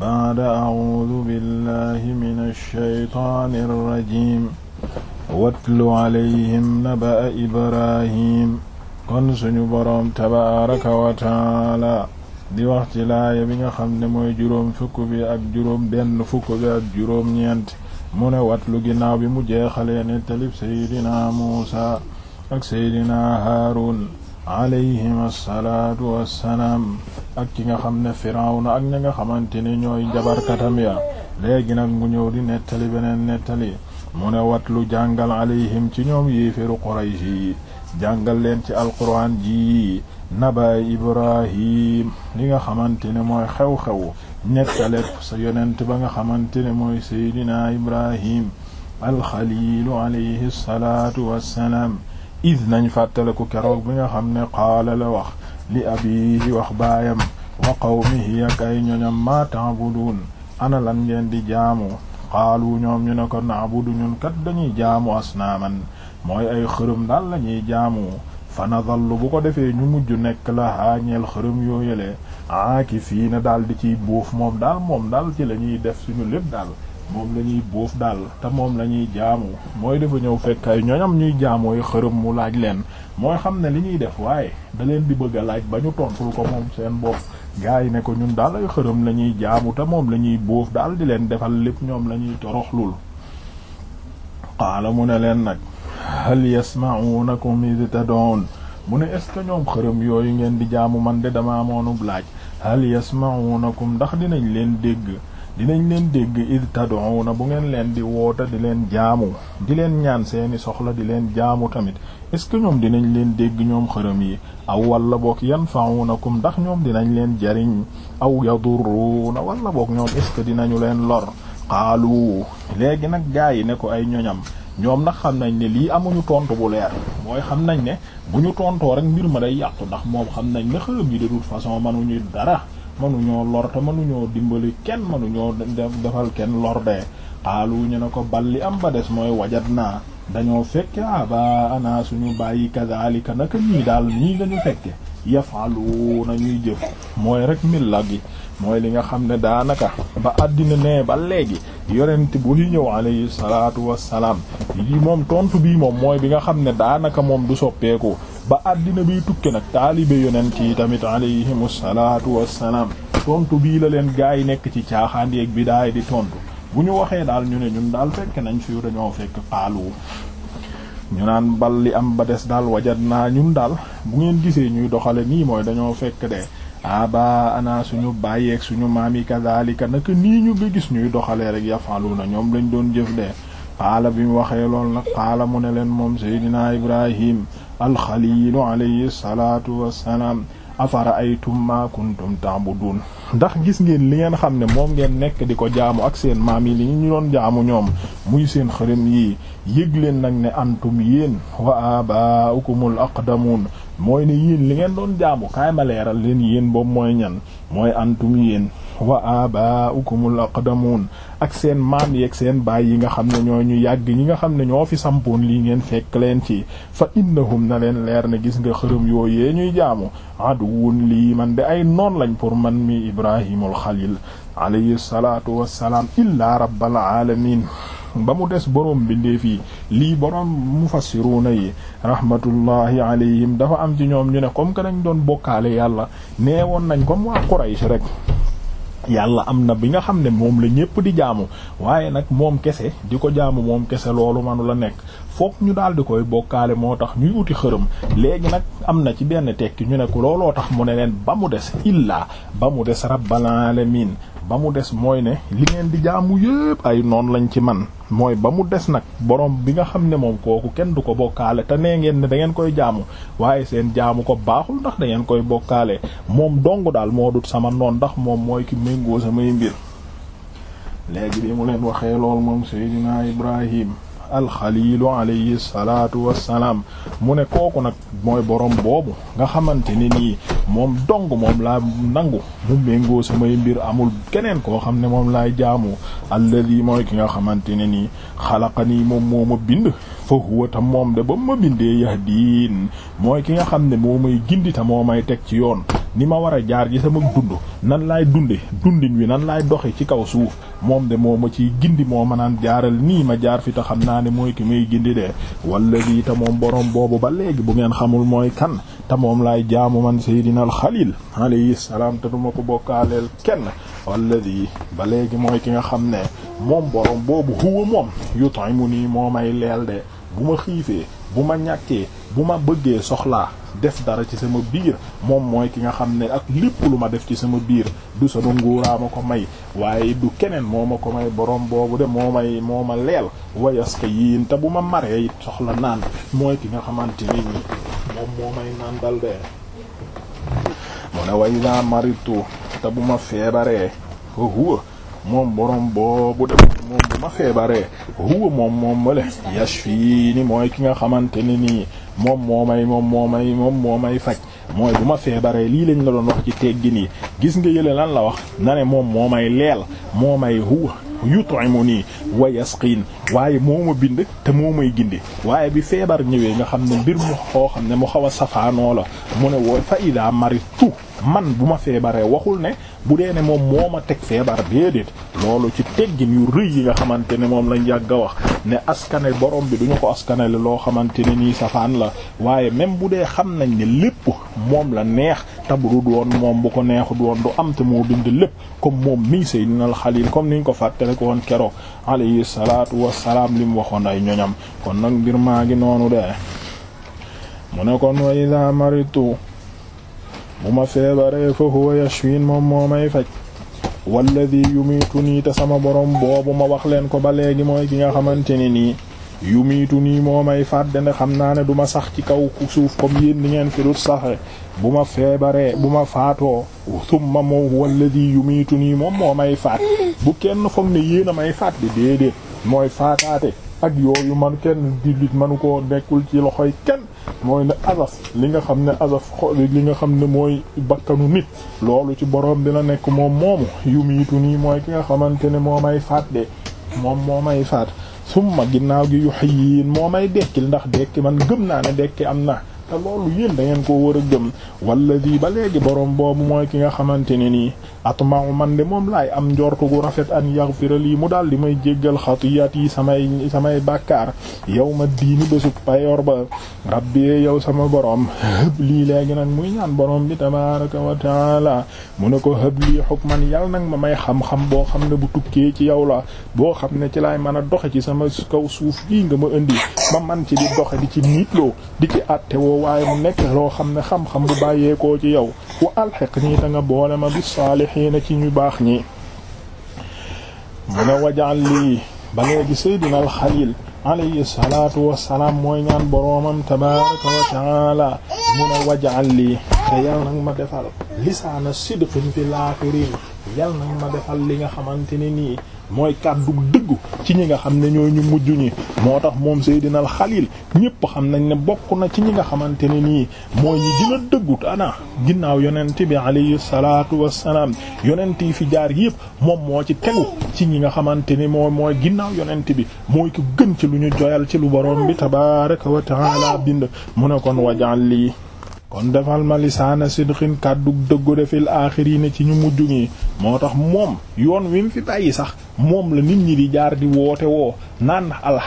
baada acuudu billahi mina shaytaani rajiim watlu calayhim naba'a ibrahim kon suñu boroom tabaaraka wa taala di wax ci laaya bi nga xam ne mooy juróom fukk bi ak juróom benn fukk bi ak juróom ñeent mu ne watlu ginnaaw bi mu jeexalee ne talib seydinaa muusa ak seydinaa haaruun alayhim assalaatu wassalaam ak ki nga xam ne firawna ak ña nga xamante ne ñooy jabarkatam ya léegi nag mu ñëw di nettali beneen nettali mu ne wat lu jàngal alayhim ci ñoom yéeféru Quraysh yi jàngal leen ci alquraan ji nabaay ibrahim li nga xamante ne mooy xew-xew nettali sa yonent ba nga xamante ne mooy seydinaa ibrahim alxaliilu alayhi salaatu wassalaam is nañ fàttaliku keroog bi nga xam ne qaala la wax li abiihi wax baayam wa qawmihi ak ay ñoñam ma ta'budun ana leen di jaamu qaalu ñoom ñu ne ko na'budu ñun kat dañuy jaamu asnaaman mooy ay xërëm daal lañuy jaamu fa nadallu bu ko defee ñu mujj nekk la haañeel xërëm yooyale aaki fii na daal di ciy buuf moom daal moom dal ci la ñuy def suñu lépp dal moom la ñuy bóof daal te moom la ñuy jaamu mooy defa ñëw fekk ay ñoñam ñuy jaamoo xërëm mu laaj leen mooy xam ne li ñuy def waaye da di bëgg laaj ba ñu tontul ko moom seen bopp gars yi ne ko ñun daal ay xërëm la ñuy jaamu te moom la ñuy bóof daal di leen defal lépp ñoom lañuy ñuy toroxlul qaala mu ne leen nag hal yasma'unakum idh tad'un mu ne est-ce que ñoom xërëm yooyu ngeen di jaamu man de dama amoonub laaj hal yasma'unakum ndax dinañ leen dégg dinañ leen dégg id tad'una bu ngeen leen di woota di leen jaamu di leen ñaan seeni soxla di leen jaamu tamit est-ce que ñoom dinañ leen dégg ñoom xërëm yi aw walla boog yanfa'unakum ndax ñoom dinañ leen jariñ aw yadurruuna walla boog ñoom est-ce que dinañu leen lor xaalu léegi nag gaa yi ne ko ay ñoñam ñoom nag xam nañ ne lii amuñu tontu bu leer mooy xam nañ ne bu ñu tontoo rek mbir ma day yàqu ndax moom xam nañ ne xërëm yi de toute façon mënuñu dara manuñoo lor te manuñoo dimbali kenn mënuñoo manuñoo defal kenn lor de xaalu ñu ne ko balli am ba des mooy wajat naa dañoo fekke aba ah, ana suñu bàyyi kadhalika naka ñii daal nii lañu fekke yafalu na ñuy jëf mooy rek milla gi mooy li nga xam ne daanaka ba àddina ne ba léegi yonent bu li ñëw alayhi salaatu wassalaam yi moom tontu bii moom mooy bi nga xam ne daanaka moom du soppeeku ba àddina biy tukke nag taalibe yonent yi tamit alayhimu salaatu wassalaam tontu bii la leen gaa yi nekk ci caaxaan yeeg bi daay di tontu bu ñu waxee daal ñu ne ñun daal fekk nañ fi dañoo fekk xaalu ñu naan bal li am ba des daal wajat naa ñun daal bu ngeen gisee ñuy doxale nii mooy dañoo fekk de aba ana suñu bàyyeek suñu maam yi kadhalika naka nii ñu nga gis ñuy doxalee rek yafalu na ñoom lañ doon jëf de xaala bi mu waxee lool nag xaala mu ne leen moom Seydina Ibrahim alxaliilu alayhi salaatu wassalaam afara'aytum ma kuntum ta'budun ndax gis ngeen li ngeen xam ne moom ngeen nekk di ko jaamu ak seen maam yi li ñu doon jaamu ñoom muy seen xërëm yi yëg leen nag ne antum yéen wa aba'ukumul aqdamun mooy ne yéen li ngeen doon jaamu kaay ma leeral leen yéen boobu mooy ñan mooy antum yéen wa abaukum al aqdamuun ak seen maam yeeg seen baay yi nga xam ne ñoo ñu yàgg ñi nga xam ne ñoo fi sampoon lii ngeen fekk leen ci fa innahum na leen leer na gis nga xërëm yooyee ñuy jaamu aduwun lii man bi ay noon lañ pour man mi ibrahimul xalil alayhi salaatu wassalaam illaa rabbal alamin ba mu des boroom bindeef yi lii boroom mufassiruuna yi rahmatullahi alayhim dafa am ci ñoom ñu ne comme que dañ doon bokkaale yàlla nee woon nañ comme waa Quraysh rek yàlla am na bi nga xam ne moom la ñépp di jaamu waaye nag moom kese di ko jaamu moom kese loolu manu la nekk fokk ñu daal di koy bokkaale moo tax ñuy wuti xërëm léegi nag am na ci benn tekki ñu ne ko looloo tax mu ne leen ba mu des illaa ba mu des rabbil alamin ba mu des mooy ne li ngeen di jaamu yépp ay noon lañ ci man mooy ba mu des nag borom bi nga xam ne moom kooku kenn du ko bokkaale te nee ngeen ne da ngeen koy jaamu waaye seen jaamu ko baaxul ndax da ngeen koy bokkaale moom dong daal moo dut sama noon ndax moom mooy ki méngoo samay mbir léegi bi mu leen waxee lool moom Seydina Ibrahim alxalilu alayhi salaatu wassalaam mu ne kooku nag mooy borom boobu nga xamante ne nii moom dong moom laa nangu mu méngoo samay mbir amul keneen koo xam ne moom laay jaamu alladi mooy ki nga xamante ne nii xalaqanii moom moo ma bind fa huwa ta moom de ba ma bindee yahdiin mooy ki nga xam ne moo may gindi ta moo may teg ci yoon ni ma war a jaar ji sama dund nan laay dunde dundin wi nan laay doxe ci kaw suuf moom de moo ma ciy gindi moo ma naan jaaral nii ma jaar fi te xam naa ne mooy ki muy gindi de wala lii te moom borom boobu ba léegi bu ngeen xamul mooy kan te moom laay jaamu man Seydina al Xalil salaam te duma ko bokkaaleel kenn walladi ba léegi mooy ki nga xam ne moom borom boobu huwa moom yut'imu nii moo may leel de bu ma xiifee bu ma ñàkkee bu ma bëggee soxlaa def dara ci sama biir moom mooy ki nga xam ne ak lépp lu ma def ci sama biir du sama nguuraa ma ko may waaye du keneen moom ma ko may borom boobu de moo may moo ma leel wayas ka bu ma maree soxla naan mooy ki nga xamante ni ñi moom moo way naa maritu te bu ma feebaree huwa moom moom ma feebaree huwa moom ni mooy ki nga xamante ni nii moom moo may moom moo may moom moo may faj mooy bu ma feebaree lii lañ la doon wax ci teggin yi gis nga yële lan la wax na ne moom moo may leel moo may huwa yut'imu nii wa yasqin waaye moo ma bind te moo may gindi waaye bi feebar ñëwee nga xam ne mbir mu xoo xam ne mu xaw a safaanoo la mu ne woo fa ida maritu man bu ma feebaree waxul ne bu dee ne moom moo ma teg feebar déedéet loolu ci teggin yu rëy yi nga xamante ne moom lañ yàgg a wax ne askane borom bi duñu ko askanele loo xamante ne nii safaan la waaye même bu dee xam nañ ne lépp moom la neex tabru doon moom bu ko neexu doon du am te moo bind lépp comme moom mii Seydina al Xaliil comme niñ ko fàttale ko woon keroog alayhi salaatu wassalaam li mu waxoon ay ñoñam kon nag mbir maa ngi noonu de mu ne kon wa bu ma feebaree fa huwa yashwin moom moo may faj walladi yumituni te sama borom boobu ma wax leen ko ba léegi mooy ki nga xamante ne nii yumituni moo may fàdde ne xam naa ne duma sax ci kaw suuf comme yéen ngeen fi dut saxe bu ma feebaree bu ma faatoo summa moom walladi yumituni moom moo may faat bu kenn foog ne yéen a may faat di déedéet mooy faataate ak yooyu man kenn jullit manu koo nekkul ci loxoy kenn mooy ne azaf li nga xam ne azaf li nga xam ne mooy bakkanu nit loolu ci boroom dina nekk moom moomu yu nii mooy ki nga xamante ne moo may faat de moom moo may faat summa ginnaaw gi yu xëy moo may dekkil ndax dekki man gëm naa ne dekki am na te loolu yéen da ngeen koo war a gëm wala di ba léegi borom boobu mooy ki nga xamante ne nii atmau man de moom laay am njortu gu rafet an yaghfira lii mu daal di may jéggal yat yi samay samay bàkkaar yow ma diini bésub payor ba rabbi yow sama borom hëb lii léegi nag muy ñaan boroom bi tabaraka wa la mu ne ko hëb lii hukman yàlla nag ma may xam-xam boo xam ne bu tukkee ci yow la boo xam ne ci lay mën a doxe ci sama kaw suuf yi nga ma indi ma man waaye mu nekk loo xam ne xam-xam bu bàyyeekoo ci yow wa alxiq nii ta nga boole ma bi saalihiina ci ñu baax ñi mu ne wajal lii ba di Seydina al Xaliil alayhi salaatu mooy ñaan boroomam tabaaraka wa taala mu ne wajal lii te yal nag ma defal lisaana sidqin fil aaxiriin yal nag ma defal li nga xamante ni nii mooy kàddu dëggu ci ñi nga xam ne ñooy ñu mujj ñi moo tax moom Seydina al Xaliil ñépp xam nañ ne bokk na ci ñi nga xamante ne nii mooy ñi gën dëggu dëggut ginnaaw yonent bi alayhi salaatu wassalaam yonent yi fi jaar yépp moom moo ci tegu ci ñi nga xamante ni mooy mooy ginnaaw yonent bi mooy ko gën ci lu ñu joyal ci lu borom bi tabaaraka wa ta'aala bind mu ne kon wajal lii kon defal ma lisaana sidqin kàddu dëggu defil aaxiriina ci ñu mujj ñi moo tax moom yoon wi mu fi bàyyi sax moom la nit ñi di jaar di woote woo naan al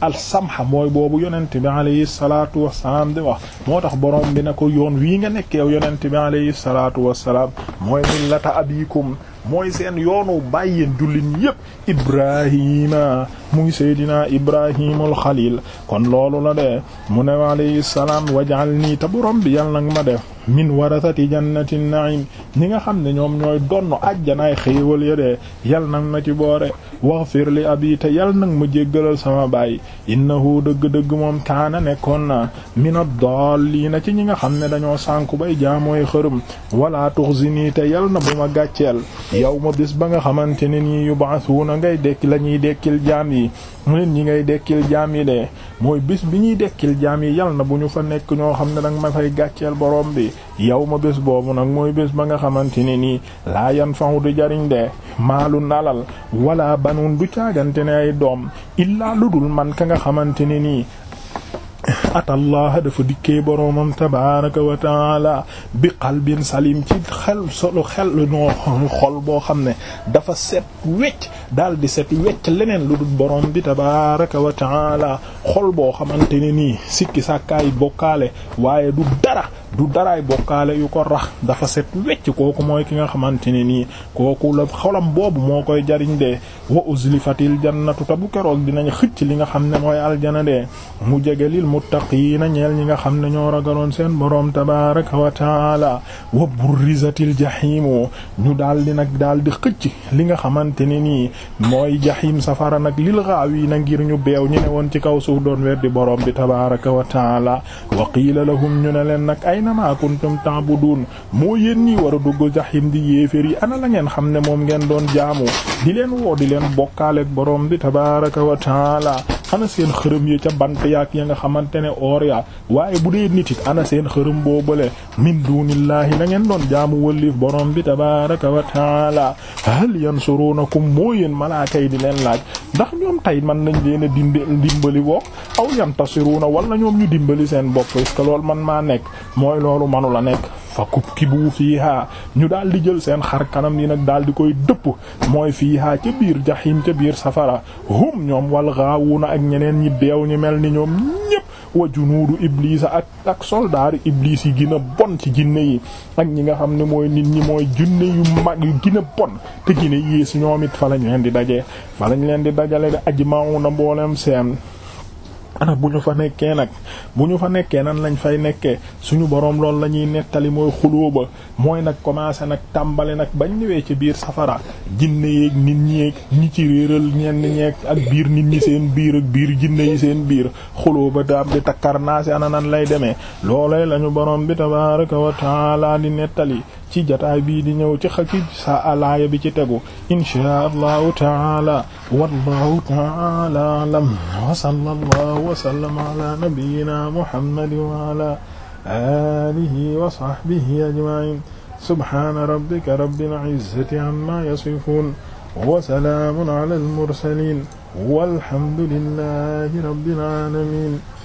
alsamha mooy boobu yonent bi alayhi salaatu wasalaam di wax moo tax borom bi na ko yoon wii nga nekk yow yonent bi alayhi salaatu wasalaam mooy millata abikum mooy seen yoonu bàyyeen jullit yépp Ibrahima muy seydinaa ibrahimul xalil kon loolu la de mu ne alayhi salaam wajal nii te borom bi yàlla nag ma def min warasati jannati naim ñi nga xam ne ñoom ñooy donn ajjanaay xéewal ya de yal na ma ci boore waxfir li abi te yal nag ma jéggalal sama baay innahu dëgg-dëgg moom kaana nekkoon na mina daalliina ci ñi nga xam ne dañoo sànku bay jaamooy xërëm wala tuxzini te yal na bu ma gàcceel yow ma bis ba nga xamante ne nii yubaasuuna ngay dekk la ñuy dekkil jaam yi mu ne ñi ngay dekkil jaam yi de mooy bés bi ñuy dekkil jaam yi yal na bu ñu fa nekk ñoo xam ne danga ma fay gàcceel borom bi yow ma bés boobu nag mooy bés ba nga xamante ni nii laa yan fahu du jariñ de maalun alal wala banun du caagante ne ay doom illaa ludul man ka nga xamante ne nii atallaha dafa dikkee boroomam tabaraka wa taala bi qalbin salim ci xel solo xel noo xol boo xam ne dafa set wecc daal di set wecc leneen lu dul borom bi tabaraka wa taala xol boo xamante ne nii sikki sàkkaay bokkaale waaye du dara du daraay bokkaale yu ko rax dafa set wecc kooku mooy ki nga xamante ne nii kooku la xolam boobu moo koy jariñ de wa uzlifatil jannatu ta bu keroog dinañ xëcc li nga xam ne mooy aljana de mu jege lil muttaqiina ñeel ñi nga xam ne ñoo ragaloon seen boroom tabaraka wa taala wa burrizatil jahimu ñu daal di nag daal di xëcc li nga xamante ne nii mooy jahim safara nag lil ghaawina ngir ñu beew ñu woon ci kaw suuf doon weddi boroom bi tabaraka wa taala wa qiila lahum ñu ne leen nag ay innama kuntum duun moo yéen ñi war a dugg jahim di yéefér yi ana la ngeen xam ne moom ngeen doon jaamoo di leen woo di leen bokkaaleek borom bi tabaraka wa taala ana seen xërëm yi ca bant yaak ya nga xamante ne or yaa waaye bu dee nit it ana seen xërëm boobale min dunillahi la ngeen doon jaamu wëlliif borom bi tabaraka wa taala hal yansurunakum moo yéen malaaka yi di leen laaj ndax ñoom tey man nañ leen a dimb dimbali wook aw yantasiruuna wala ñoom ñu dimbali seen bopp est lool man maa nekk mooy loolu manu la nekk fa kub kibu fiihaa ñu daal di jël seen xar kanam yi nag daal di koy dëpp mooy fiihaa ca biir jaxiim ca biir safara hum ñoom wal gaawuna ak ñeneen ñi beew ñu mel ni ñoom ñépp wa junuudu iblis ak ak soldaaru iblis yi gën bon ci jinne yi ak ñi nga xam ne mooy nit ñi mooy jinne yu mag yu gën a bon te gën a yées ñoom it fa lañ leen di daje fa leen di dajale di na mboolem seen ana bu ñu fa nekkee nag bu ñu fa nekkee nan lañu fay nekkee suñu boroom loolu la ñuy nettali mooy xuloo ba mooy nag commencé nag tàmbali nag bañ ñëwee ci biir safara jinne yeeg nit ñeeg ñi ci réeral ñenn ak biir nit ñi seen biir ak biir jinne yi seen biir xuloo ba daam di takkar naa si ana nan lay demee loolee lañu boroom bi tabaaraka wa taala nettali ci jataay bii di ñëw ci xaki sa alaaya bi ci tegu inshaa allahu taala wallahu taala alam wa sallallahu wa sallama ala nabiyyina muhammad wa ala alihi wa sahbihi ajma'in subhana rabbika rabbil izzati amma yasifun wa salamun ala al mursalin walhamdulillahi rabbil alamin